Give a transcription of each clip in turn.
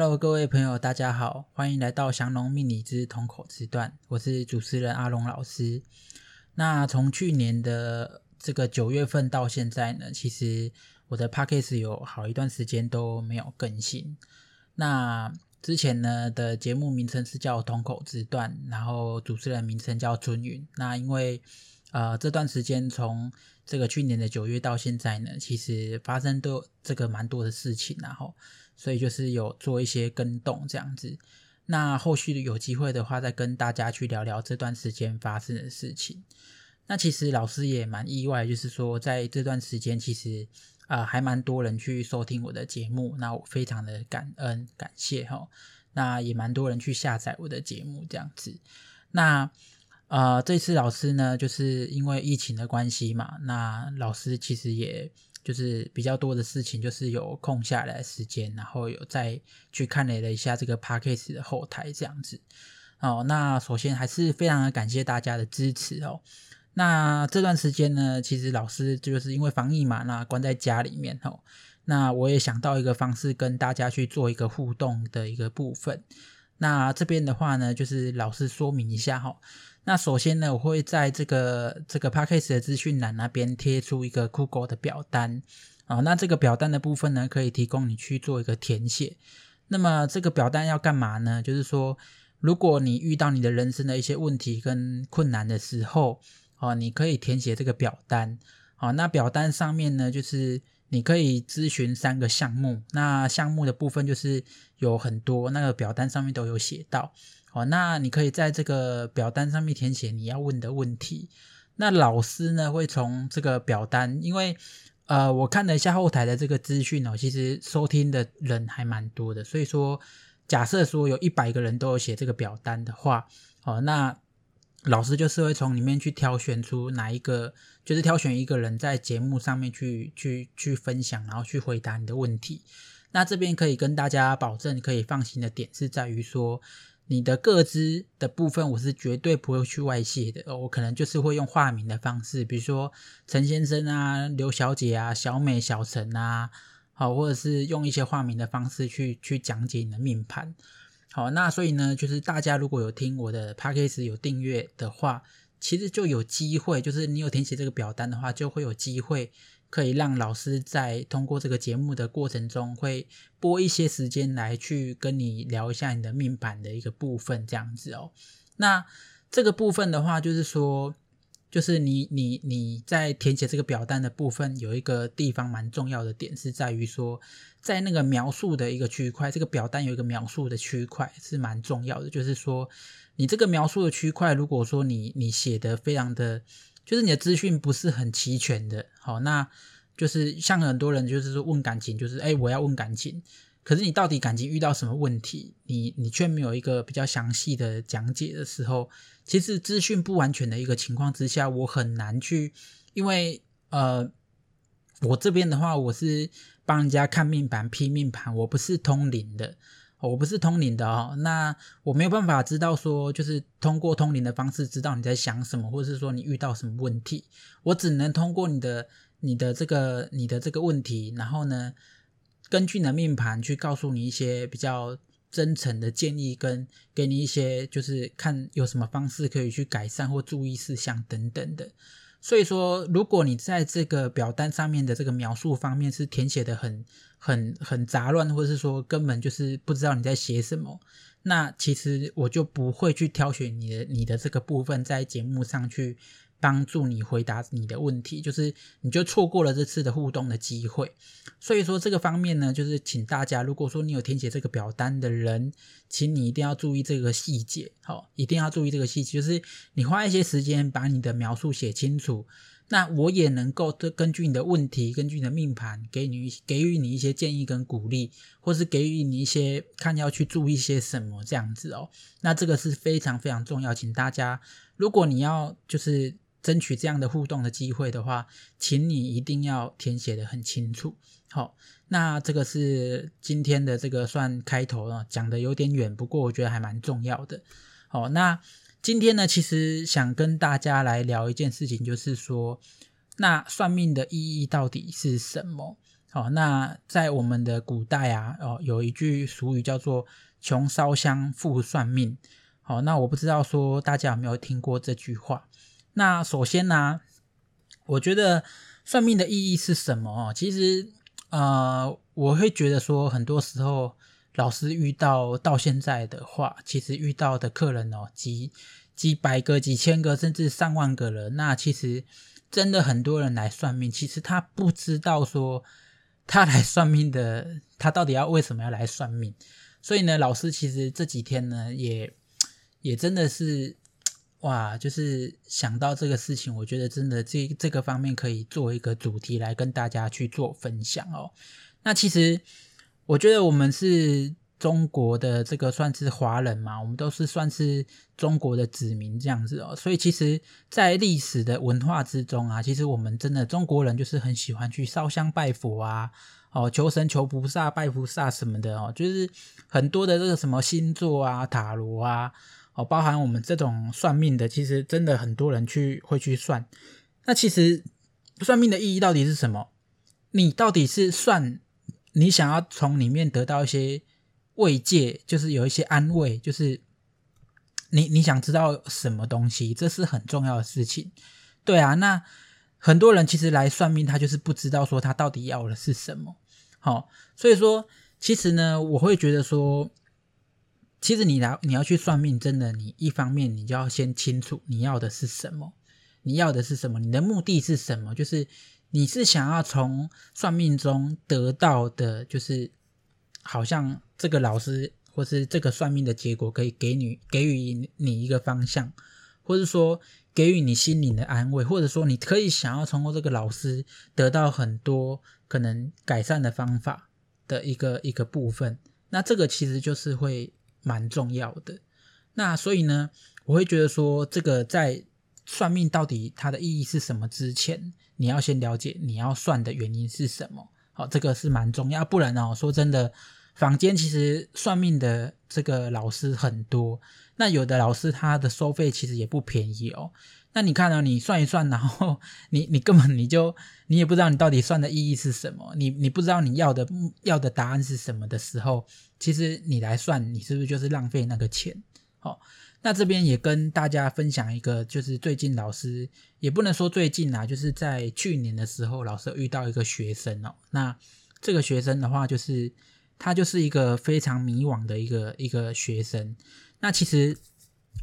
Hello，各位朋友，大家好，歡迎來到《祥榮命理之通口之段》，我是主持人阿龍老師。那從去年的這個九月份到現在呢，其實我的 Podcast 有好一段時間都沒有更新。那之前呢的節目名稱是叫《通口之段》，然後主持人名稱叫春云。那因為呃這段時間從這個去年的九月到現在呢，其實發生都這個蠻多的事情、啊，然後。所以就是有做一些更動這樣子，那後續有機會的話，再跟大家去聊聊這段時間發生的事情。那其實老師也蠻意外，就是說在這段時間，其實啊、呃、還蠻多人去收聽我的節目，那我非常的感恩感謝哈、哦。那也蠻多人去下載我的節目這樣子。那啊、呃、這次老師呢，就是因為疫情的關係嘛，那老師其實也。就是比較多的事情，就是有空下來的時間，然後有再去看了一下這個 Podcast 的後台這樣子。哦，那首先還是非常的感謝大家的支持哦。那這段時間呢，其實老師就是因為防疫嘛，那關在家裡面哦。那我也想到一個方式，跟大家去做一個互動的一個部分。那這邊的話呢，就是老師說明一下哈。那首先呢，我會在這個這個 podcast 的資訊欄那邊貼出一個 Google 的表單啊。那這個表單的部分呢，可以提供你去做一個填寫。那麼這個表單要幹嘛呢？就是說，如果你遇到你的人生的一些問題跟困難的時候啊，你可以填寫這個表單啊。那表單上面呢，就是。你可以諮詢三個項目，那項目的部分就是有很多，那個表單上面都有寫到。哦，那你可以在這個表單上面填寫你要問的問題。那老師呢，會從這個表單，因為呃我看了一下後台的這個資訊哦，其實收聽的人還蠻多的，所以說假設說有一百個人都有寫這個表單的話，哦，那。老師就是會從裡面去挑選出哪一個，就是挑選一個人在節目上面去去去分享，然後去回答你的問題。那這邊可以跟大家保證，可以放心的點是在於說，你的個資的部分我是絕對不會去外泄的、哦。我可能就是會用化名的方式，比如說陳先生啊、劉小姐啊、小美、小陳啊，好、哦，或者是用一些化名的方式去去講解你的命盤。好，那所以呢，就是大家如果有聽我的 podcast 有訂閱的話，其實就有機會，就是你有填寫這個表單的話，就會有機會可以讓老師在通過這個節目的過程中，會撥一些時間來去跟你聊一下你的命盤的一個部分，這樣子哦。那這個部分的話，就是說，就是你你你在填寫這個表單的部分，有一個地方蠻重要的點，是在於說，在那個描述的一個區塊，這個表單有一個描述的區塊是蠻重要的。就是說，你這個描述的區塊，如果說你你寫的非常的，就是你的資訊不是很齊全的。好，那就是像很多人就是說問感情，就是誒、欸、我要問感情，可是你到底感情遇到什麼問題，你你卻沒有一個比較詳細的講解的時候，其實資訊不完全的一個情況之下，我很難去，因為呃，我這邊的話我是。幫人家看命盤、批命盤，我不是通靈的，我不是通靈的哦。那我沒有辦法知道說，就是通過通靈的方式知道你在想什麼，或者是說你遇到什麼問題，我只能通過你的、你的這個、你的這個問題，然後呢，根據你的命盤去告訴你一些比較真誠的建議，跟給你一些就是看有什麼方式可以去改善或注意事項等等的。所以說，如果你在這個表單上面的這個描述方面是填寫得很、很、很雜亂，或者是說根本就是不知道你在寫什麼，那其實我就不會去挑選你的、你的這個部分在節目上去。幫助你回答你的問題，就是你就錯過了這次的互動的機會。所以說這個方面呢，就是請大家，如果說你有填寫這個表單的人，請你一定要注意這個細節，齁，一定要注意這個細節，就是你花一些時間把你的描述寫清楚。那我也能夠根據你的問題，根據你的命盤，給你給予你一些建議跟鼓勵，或是給予你一些看要去注意些什麼這樣子哦。那這個是非常非常重要，請大家，如果你要就是。爭取這樣的互動的機會的話，請你一定要填寫得很清楚。好、哦，那這個是今天的這個算開頭，講得有點遠，不過我覺得還蠻重要的。好、哦，那今天呢，其實想跟大家來聊一件事情，就是說，那算命的意義到底是什麼？好、哦，那在我們的古代啊，哦、有一句俗語叫做“窮燒香，富算命”哦。好，那我不知道說大家有沒有聽過這句話。那首先呢、啊，我覺得算命的意義是什麼、哦？其實，呃，我會覺得說，很多時候老師遇到到現在的話，其實遇到的客人哦，幾幾百個、幾千個，甚至上萬個人。那其實真的很多人來算命，其實他不知道說他來算命的，他到底要為什麼要來算命。所以呢，老師其實這幾天呢，也也真的是。哇，就是想到這個事情，我覺得真的這這個方面可以做一個主題來跟大家去做分享哦。那其實我覺得我們是中國的這個算是華人嘛，我們都是算是中國的子民這樣子哦。所以其實，在歷史的文化之中啊，其實我們真的中國人就是很喜歡去燒香拜佛啊，哦，求神求菩薩、拜菩薩什麼的哦，就是很多的這個什麼星座啊、塔羅啊。包含我們這種算命的，其實真的很多人去會去算。那其實算命的意義到底是什麼？你到底是算你想要從裡面得到一些慰藉，就是有一些安慰，就是你你想知道什麼東西，這是很重要的事情。對啊，那很多人其實來算命，他就是不知道說他到底要的是什麼。好、哦，所以說其實呢，我會覺得說。其實你來，你要去算命，真的，你一方面你就要先清楚你要的是什麼，你要的是什麼，你的目的是什麼？就是你是想要從算命中得到的，就是好像這個老師或是這個算命的結果可以給你給予你一個方向，或是說給予你心靈的安慰，或者說你可以想要通過這個老師得到很多可能改善的方法的一個一個部分。那這個其實就是會。蠻重要的，那所以呢，我會覺得說，這個在算命到底它的意義是什麼之前，你要先了解你要算的原因是什麼。好，這個是蠻重要，不然哦，說真的，坊間其實算命的這個老師很多，那有的老師他的收費其實也不便宜哦。那你看到、哦、你算一算，然後你你根本你就你也不知道你到底算的意義是什麼？你你不知道你要的要的答案是什麼的時候，其實你來算，你是不是就是浪費那個錢？好、哦，那這邊也跟大家分享一個，就是最近老師也不能說最近啦、啊，就是在去年的時候，老師遇到一個學生哦。那這個學生的話，就是他就是一個非常迷惘的一個一個學生。那其實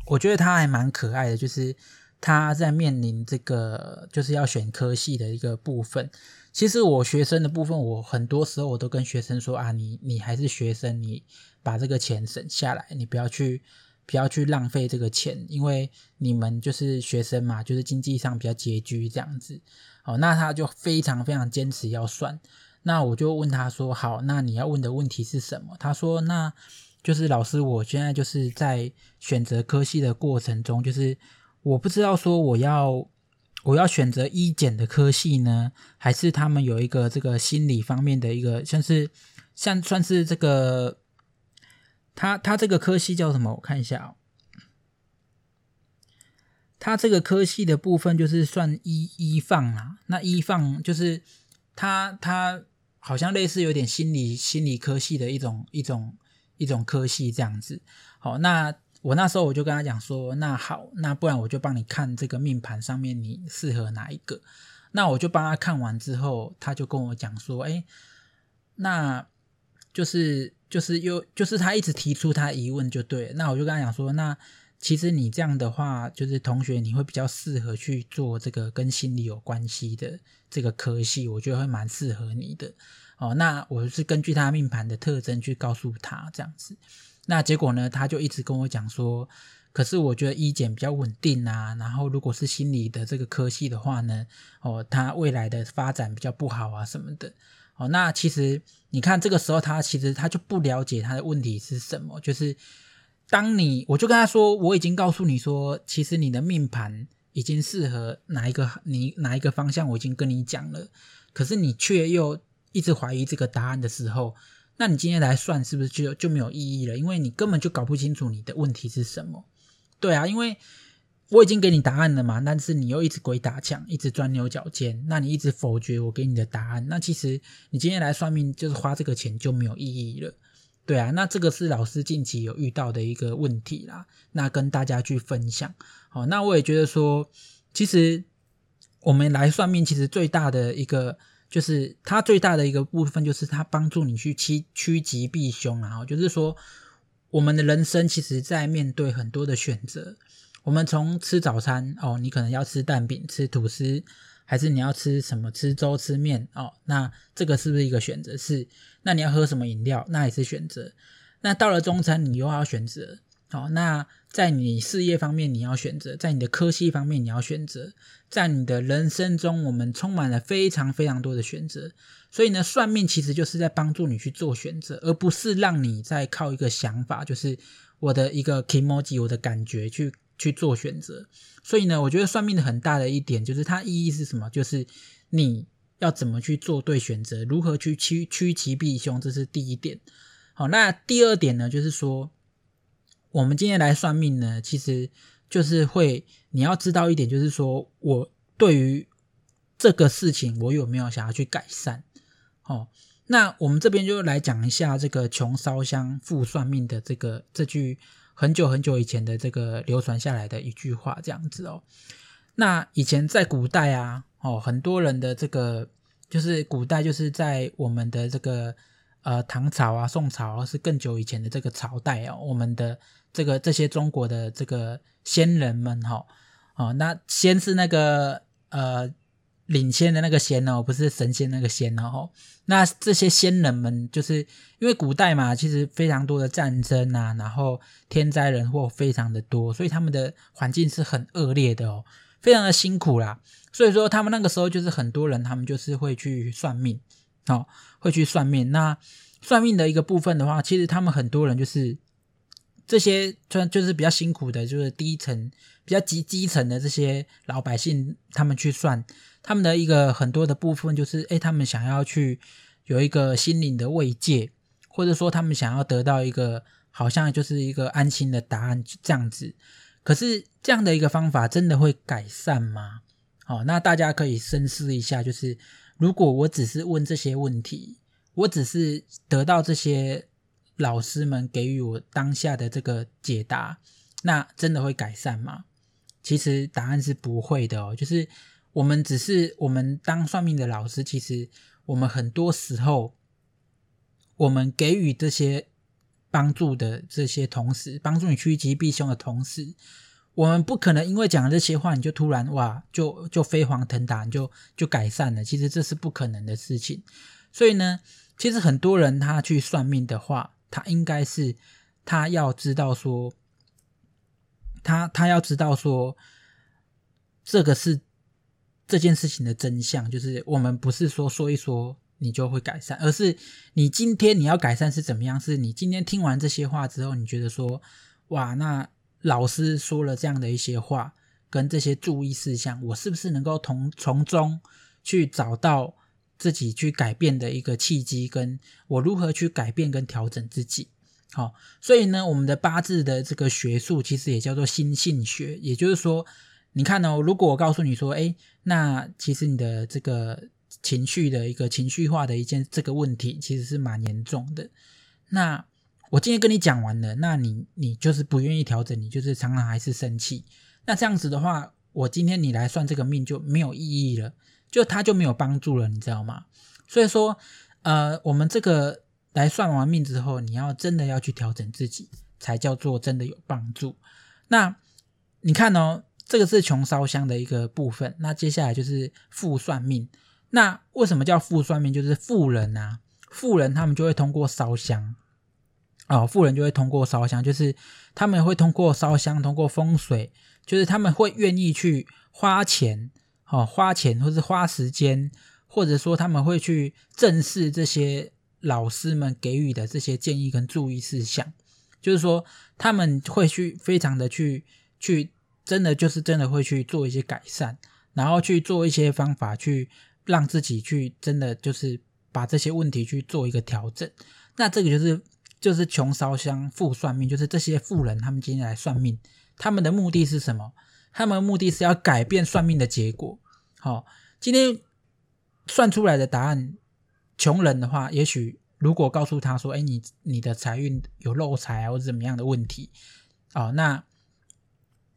我覺得他還蠻可愛的，就是。他在面臨這個就是要選科系的一個部分。其實我學生的部分，我很多時候我都跟學生說啊，你你還是學生，你把這個錢省下來，你不要去不要去浪費這個錢，因為你們就是學生嘛，就是經濟上比較拮據，這樣子。好，那他就非常非常堅持要算。那我就問他說：“好，那你要問的問題是什麼？”他說：“那就是老師，我現在就是在選擇科系的過程中，就是。”我不知道說我要我要選擇醫檢的科系呢，還是他們有一個這個心理方面的一個，像是像算是這個，他他這個科系叫什麼？我看一下哦，他這個科系的部分就是算醫醫放啊，那醫放就是他他好像類似有點心理心理科系的一種一種一種科系這樣子，好那。我那時候我就跟他講說，那好，那不然我就幫你看這個命盤上面你適合哪一個。那我就幫他看完之後，他就跟我講說，哎，那就是就是又就是他一直提出他疑問就對。那我就跟他講說，那其實你這樣的話，就是同學你會比較適合去做這個跟心理有關係的這個科系，我覺得會蠻適合你的。哦，那我是根據他命盤的特徵去告訴他，這樣子。那結果呢？他就一直跟我講說，可是我覺得醫檢比較穩定啊，然後如果是心理的這個科系的話呢，哦，他未來的發展比較不好啊什麼的。哦，那其實你看這個時候，他其實他就不了解他的問題是什麼。就是當你我就跟他說，我已經告訴你說，其實你的命盤已經適合哪一個你哪一個方向，我已經跟你講了，可是你卻又一直懷疑這個答案的時候。那你今天來算是不是就就沒有意義了？因為你根本就搞不清楚你的問題是什麼，對啊，因為我已經給你答案了嘛，但是你又一直鬼打牆，一直鑽牛角尖，那你一直否決我給你的答案，那其實你今天來算命就是花這個錢就沒有意義了，對啊，那這個是老師近期有遇到的一個問題啦，那跟大家去分享。好，那我也覺得說，其實我們來算命其實最大的一個。就是它最大的一個部分，就是它幫助你去趨趨吉避凶，啊哦。然後就是說，我們的人生其實在面對很多的選擇。我們從吃早餐哦，你可能要吃蛋餅、吃吐司，還是你要吃什麼？吃粥、吃麵哦，那這個是不是一個選擇？是。那你要喝什麼飲料？那也是選擇。那到了中餐，你又要選擇。好，那在你事業方面你要選擇，在你的科系方面你要選擇，在你的人生中，我們充滿了非常非常多的選擇。所以呢，算命其實就是在幫助你去做選擇，而不是讓你在靠一個想法，就是我的一個 kimoji 我的感覺去去做選擇。所以呢，我覺得算命很大的一點就是它意義是什麼？就是你要怎麼去做對選擇，如何去趨趨吉避凶，這是第一點。好，那第二點呢，就是說。我們今天來算命呢，其實就是會你要知道一點，就是說我對於這個事情，我有沒有想要去改善？哦，那我們這邊就來講一下這個“窮燒香，富算命”的這個這句很久很久以前的這個流傳下來的一句話，這樣子哦。那以前在古代啊，哦，很多人的這個就是古代就是在我們的這個。呃，唐朝啊，宋朝啊，是更久以前的這個朝代哦。我們的這個這些中國的這個先人們哈，哦，哦，那先是那個呃領先的那個先哦，不是神仙那個仙哦。那這些先人們，就是因為古代嘛，其實非常多的戰爭啊，然後天災人禍非常的多，所以他們的環境是很惡劣的哦，非常的辛苦啦。所以說，他們那個時候就是很多人，他們就是會去算命。好，會去算命。那算命的一個部分的話，其實他們很多人就是這些，算就是比較辛苦的，就是低層、比較基基層的這些老百姓，他們去算他們的一個很多的部分，就是誒，他們想要去有一個心靈的慰藉，或者說他們想要得到一個好像就是一個安心的答案這樣子。可是這樣的一個方法真的會改善嗎？好、哦，那大家可以深思一下，就是。如果我只是問這些問題，我只是得到這些老師們給予我當下的這個解答，那真的會改善嗎？其實答案是不會的哦。就是我們只是我們當算命的老師，其實我們很多時候，我們給予這些幫助的這些同事，幫助你趨吉避凶的同事。我們不可能因為講了這些話，你就突然，哇，就就飛黃騰達，你就就改善了，其實這是不可能的事情。所以呢，其實很多人他去算命的話，他應該是他要知道說，他他要知道說，這個是這件事情的真相，就是我們不是說說一說你就會改善，而是你今天你要改善是怎麼樣？是你今天聽完這些話之後，你覺得說哇，那。老師說了這樣的一些話，跟這些注意事項，我是不是能夠從從中去找到自己去改變的一個契機，跟我如何去改變跟調整自己？好、哦，所以呢，我們的八字的這個學術其實也叫做心性學，也就是說，你看哦，如果我告訴你說，哎、欸，那其實你的這個情緒的一個情緒化的一件這個問題，其實是蠻嚴重的，那。我今天跟你講完了，那你你就是不願意調整，你就是常常還是生氣。那這樣子的話，我今天你來算這個命就沒有意義了，就他就沒有幫助了，你知道嗎？所以說，呃，我們這個來算完命之後，你要真的要去調整自己，才叫做真的有幫助。那你看哦，這個是窮燒香的一個部分。那接下來就是富算命。那為什麼叫富算命？就是富人啊，富人他們就會通過燒香。哦，富人就會通過燒香，就是他們會通過燒香，通過風水，就是他們會願意去花錢，哦，花錢，或是花時間，或者說他們會去正視這些老師們給予的這些建議跟注意事項，就是說他們會去非常的去去，真的就是真的會去做一些改善，然後去做一些方法去讓自己去真的就是把這些問題去做一個調整，那這個就是。就是窮燒香，富算命。就是這些富人，他們今天來算命，他們的目的是什麼？他們的目的是要改變算命的結果。好、哦，今天算出來的答案，窮人的話，也許如果告訴他說：“哎、欸，你你的財運有漏財啊，或者怎麼樣的問題。”哦，那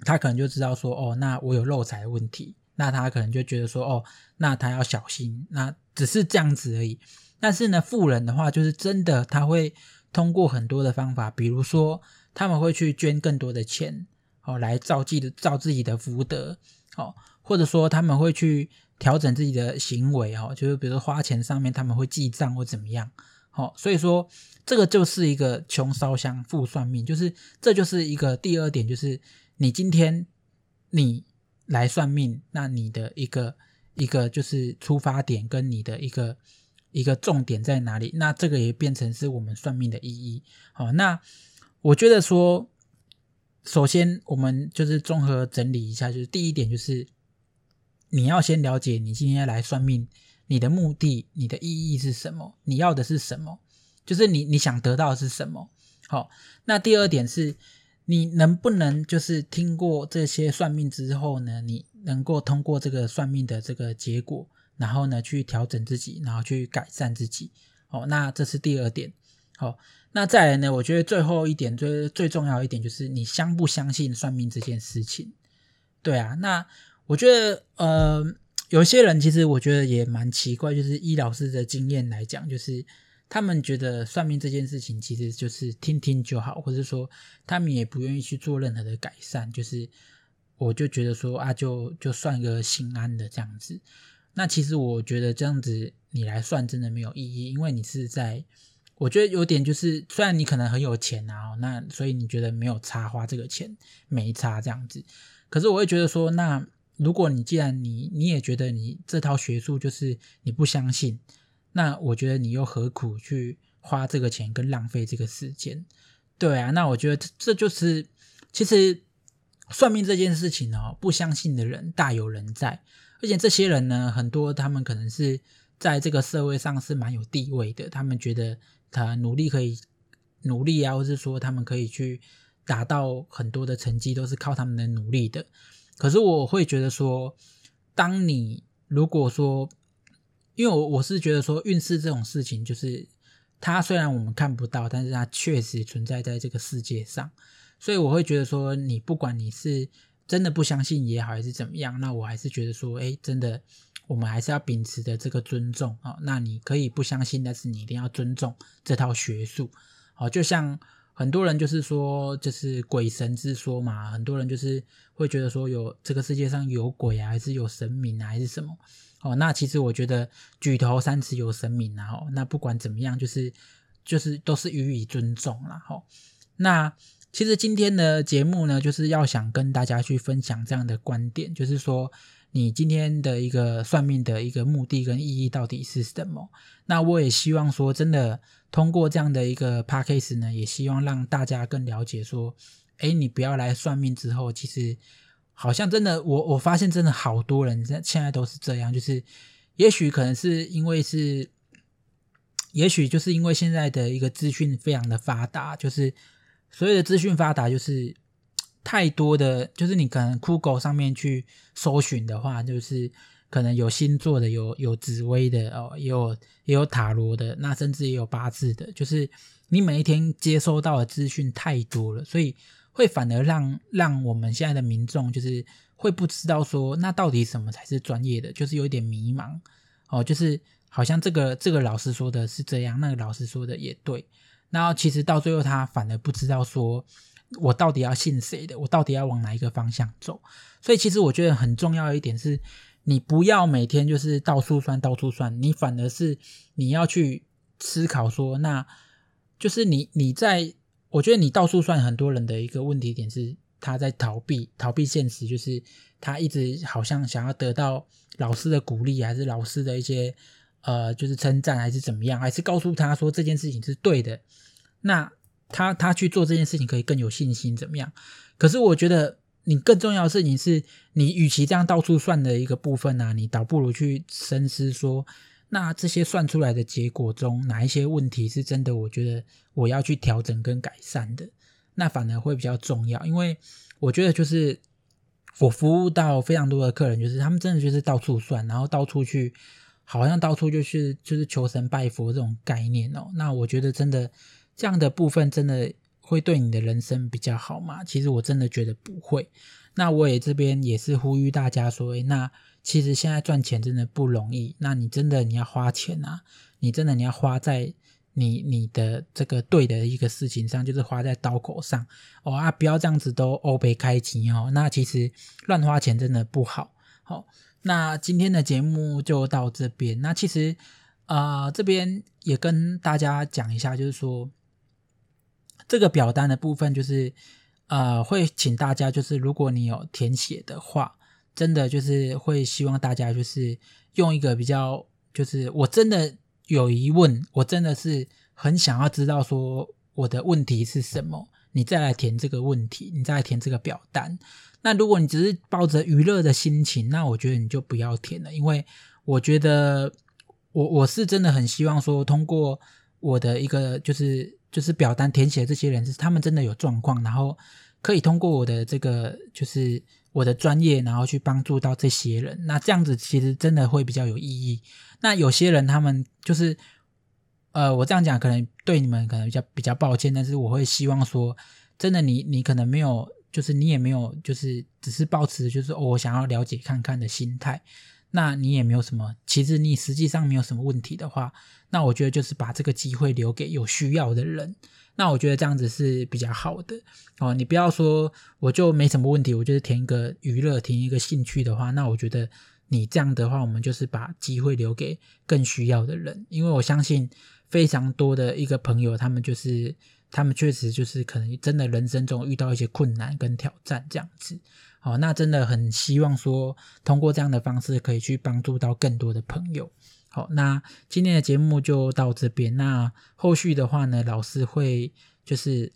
他可能就知道說：“哦，那我有漏財的問題。”那他可能就覺得說：“哦，那他要小心。”那只是這樣子而已。但是呢，富人的話，就是真的他會。通過很多的方法，比如說他們會去捐更多的錢，哦，來造自己的造自己的福德，哦，或者說他們會去調整自己的行為，哦，就是比如說花錢上面他們會記賬或怎麼樣，哦，所以說這個就是一個窮燒香，富算命，就是這就是一個第二點，就是你今天你來算命，那你的一個一個就是出發點跟你的一個。一個重點在哪裡？那這個也變成是我們算命的意義。好，那我覺得說，首先我們就是綜合整理一下，就是第一點就是你要先了解你今天來算命，你的目的、你的意義是什麼？你要的是什麼？就是你你想得到的是什麼？好，那第二點是你能不能就是聽過這些算命之後呢，你能夠通過這個算命的這個結果，然後呢，去調整自己，然後去改善自己。哦，那這是第二點。好、哦，那再來呢？我覺得最後一點，最最重要一點就是你相不相信算命這件事情？對啊，那我覺得，呃，有些人其實我覺得也蠻奇怪，就是依老師的經驗來講，就是他們覺得算命這件事情其實就是聽聽就好，或者說他們也不願意去做任何的改善。就是我就覺得說啊，就就算一個心安的這樣子。那其實我覺得這樣子你來算真的沒有意義，因為你是在我覺得有點就是，雖然你可能很有錢啊，那所以你覺得沒有差花這個錢沒差這樣子，可是我會覺得說，那如果你既然你你也覺得你這套學術就是你不相信，那我覺得你又何苦去花這個錢跟浪費這個時間？對啊，那我覺得這就是其實算命這件事情哦，不相信的人大有人在。而且這些人呢，很多他們可能是在這個社會上是蠻有地位的，他們覺得，他努力可以努力啊，或者是說他們可以去達到很多的成績，都是靠他們的努力的。可是我會覺得說，當你如果說，因為我我是覺得說，運勢這種事情，就是它雖然我們看不到，但是它確實存在在這個世界上。所以我會覺得說，你不管你是。真的不相信也好，還是怎麼樣？那我還是覺得說，哎，真的，我們還是要秉持著這個尊重哦。那你可以不相信，但是你一定要尊重這套學術，哦。就像很多人就是說，就是鬼神之說嘛，很多人就是會覺得說有，有這個世界上有鬼啊，還是有神明啊，還是什麼？哦，那其實我覺得舉頭三尺有神明啊。哦，那不管怎麼樣，就是就是都是予以尊重了，啊哦。那。其實今天的節目呢，就是要想跟大家去分享這樣的觀點，就是說你今天的一個算命的一個目的跟意義到底是什麼？那我也希望說，真的通過這樣的一個 podcast 呢，也希望讓大家更了解說，哎，你不要來算命之後，其實好像真的，我我發現真的好多人在現在都是這樣，就是也許可能是因為是，也許就是因為現在的一個資訊非常的發達，就是。所有的資訊發達，就是太多的，就是你可能酷狗上面去搜尋的話，就是可能有星座的，有有紫微的哦，也有也有塔羅的，那甚至也有八字的。就是你每一天接收到的資訊太多了，所以會反而讓讓我們現在的民眾就是會不知道說，那到底什麼才是專業的，就是有點迷茫哦，就是好像這個這個老師說的是這樣，那個老師說的也對。然後其實到最後，他反而不知道說，我到底要信誰的，我到底要往哪一個方向走。所以，其實我覺得很重要的一點是，你不要每天就是到處算、到處算，你反而是你要去思考說，那就是你你在，我覺得你到處算很多人的一個問題點是，他在逃避逃避現實，就是他一直好像想要得到老師的鼓勵，還是老師的一些。呃，就是稱讚還是怎麼樣，還是告訴他說這件事情是對的，那他他去做這件事情可以更有信心，怎麼樣？可是我覺得你更重要的事情是，你與其這樣到處算的一個部分啊，你倒不如去深思說，那這些算出來的結果中，哪一些問題是真的？我覺得我要去調整跟改善的，那反而會比較重要。因為我覺得就是我服務到非常多的客人，就是他們真的就是到處算，然後到處去。好像到處就是就是求神拜佛這種概念哦，那我覺得真的這樣的部分真的會對你的人生比較好嗎？其實我真的覺得不會。那我也這邊也是呼籲大家說，欸，那其實現在賺錢真的不容易，那你真的你要花錢啊，你真的你要花在你你的這個對的一個事情上，就是花在刀口上哦啊，不要這樣子都歐北開錢哦。那其實亂花錢真的不好，哦。那今天的節目就到這邊。那其實，呃，這邊也跟大家講一下，就是說這個表單的部分，就是呃，會請大家，就是如果你有填寫的話，真的就是會希望大家就是用一個比較，就是我真的有疑問，我真的是很想要知道說我的問題是什麼。你再來填這個問題，你再來填這個表單。那如果你只是抱着娛樂的心情，那我覺得你就不要填了，因為我覺得我我是真的很希望說，通過我的一個就是就是表單填寫這些人，就是他們真的有狀況，然後可以通過我的這個就是我的專業，然後去幫助到這些人。那這樣子其實真的會比較有意義。那有些人他們就是。呃，我這樣講可能對你們可能比較比較抱歉，但是我會希望說，真的你你可能沒有，就是你也沒有，就是只是抱持就是，哦，我想要了解看看的心態，那你也沒有什麼，其實你實際上沒有什麼問題的話，那我覺得就是把這個機會留給有需要的人，那我覺得這樣子是比較好的哦。你不要說我就沒什麼問題，我就是填一個娛樂，填一個興趣的話，那我覺得你這樣的話，我們就是把機會留給更需要的人，因為我相信。非常多的一個朋友，他們就是，他們確實就是可能真的人生中遇到一些困難跟挑戰這樣子。好，那真的很希望說通過這樣的方式可以去幫助到更多的朋友。好，那今天的節目就到這邊，那後續的話呢，老師會就是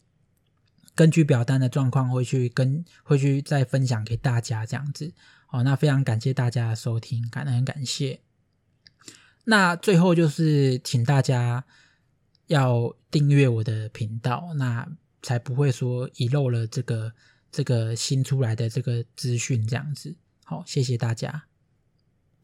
根據表單的狀況會去跟會去再分享給大家這樣子。好，那非常感謝大家的收聽，感恩，感謝。那最後就是，請大家要訂閱我的頻道，那才不會說遺漏了這個這個新出來的這個資訊這樣子。好，謝謝大家。